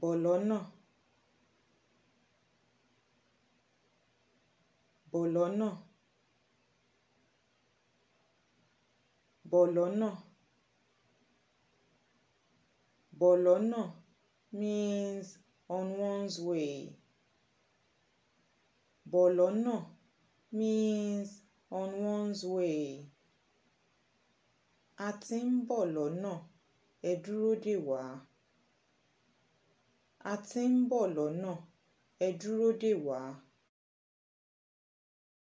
bọ́ lọ́nà bọ́ lọ́nà bọ́ lọ́nà bọ́ lọ́nà means on one's way bọ́ lọ́nà means on one's way a ti ń bọ̀ lọ́nà ẹ dúró dè wá a ti ń bọ̀ lọ́nà ẹ̀ dúró dè wá